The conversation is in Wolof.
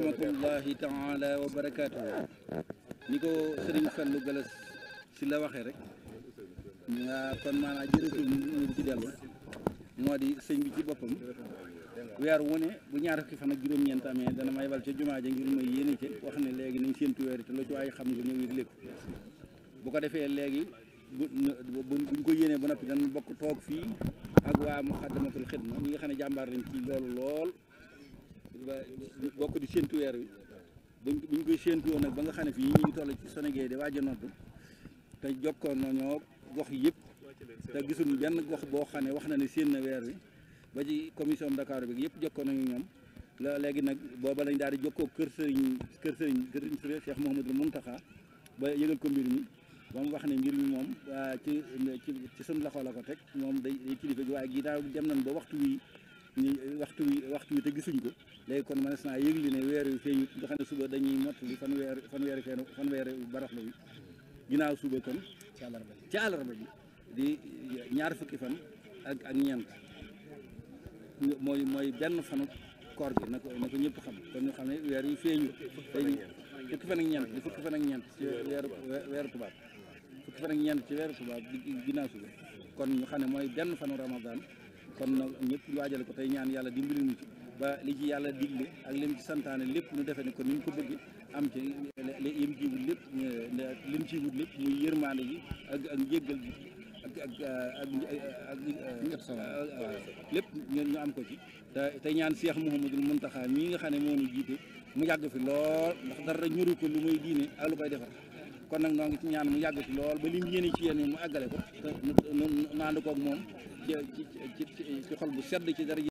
rahmatullahi taala wa barakaatu ni ko sëriñ Fallou Galas si la waxee rek nga kon maanaam jërëtul ñu ci dellu moo di sëñ bi ci boppam weer wu ne bu ñaar fukki fan ak juróom-ñeent amee dana may bal ca jumaa ja ngir may yéene ci wax ne léegi nañ séentu weer te lu ci waay xam nga ñëw yëg léegi bu ko defee léegi bu buñ ko yéenee ba noppi dana bokk toog fii ak waa Muxaddamatul Xidma ñi nga xam ne jàmbaar lañ ci loolu lool bokk di séntu weer wi buñ buñ koy séntu woon nag ba nga xam ne fii ñu toll ci Sénégal di waaj a nodd te jokkoon nañoo gox yëpp te gisuñ benn gox boo xam ne wax na ne seen na weer wi ba ci commission Dakar bi yëpp jokkoon nañu ñoom la léegi nag booba lañ daal di jokkoo kër sëriñ kër sëriñ kër sëriñ Touré Cheikh Mouhamadou Mountakha ba yëgal ko mbir mi ba mu wax ne mbir mi moom ah, ci ci ci suñ loxo la ko teg moom day kilifa gi waaye ginnaaw dem nañ ba waxtu waxtu wi waxtu wi te gisuñ ko léegi kon mënees naa yëgli ne weer wi feeñut nga xam ne suba dañuy mottali fanweer fanweeri feenu fanweeri baraxlu yi ginnaaw suba kon ci àllarba ji di ñaar fukki fan ak ak mooy mooy benn fanu koor gi na ko na ko ñëpp ne weer yi feeñut feeñu fukki fan ak ñeent di fukki fan ak ñeent ci weeru weeru tubaab fukki fan ak ñeent ci weeru tubaab ginnaaw suba kon ñu xam ne mooy benn fanu ramadan kon nag ñépp waajal ko tey ñaan yàlla dimbali ñu ci ba li ci yàlla digle ak lim ci santaane lépp nu defe ne kon ni ñu ko bëgg am ci lim ci wut lépp lim ci wut lépp muy yërmaande ji ak ak njéggal gi ak ak ak lépp ñu am ko ci te te ñaan Seex Muhammadul Muntaxa mii nga xam ne moo ñu jiite mu yàgg fi lool ndax dara ñuru ko lu muy diine ak lu koy defar kon nag noo ngi ci ñaan mu yàgg fi lool ba lim yéene ci yéen mu àggale ko te naandu koog moom ci ci ci xol bu sedd ci dara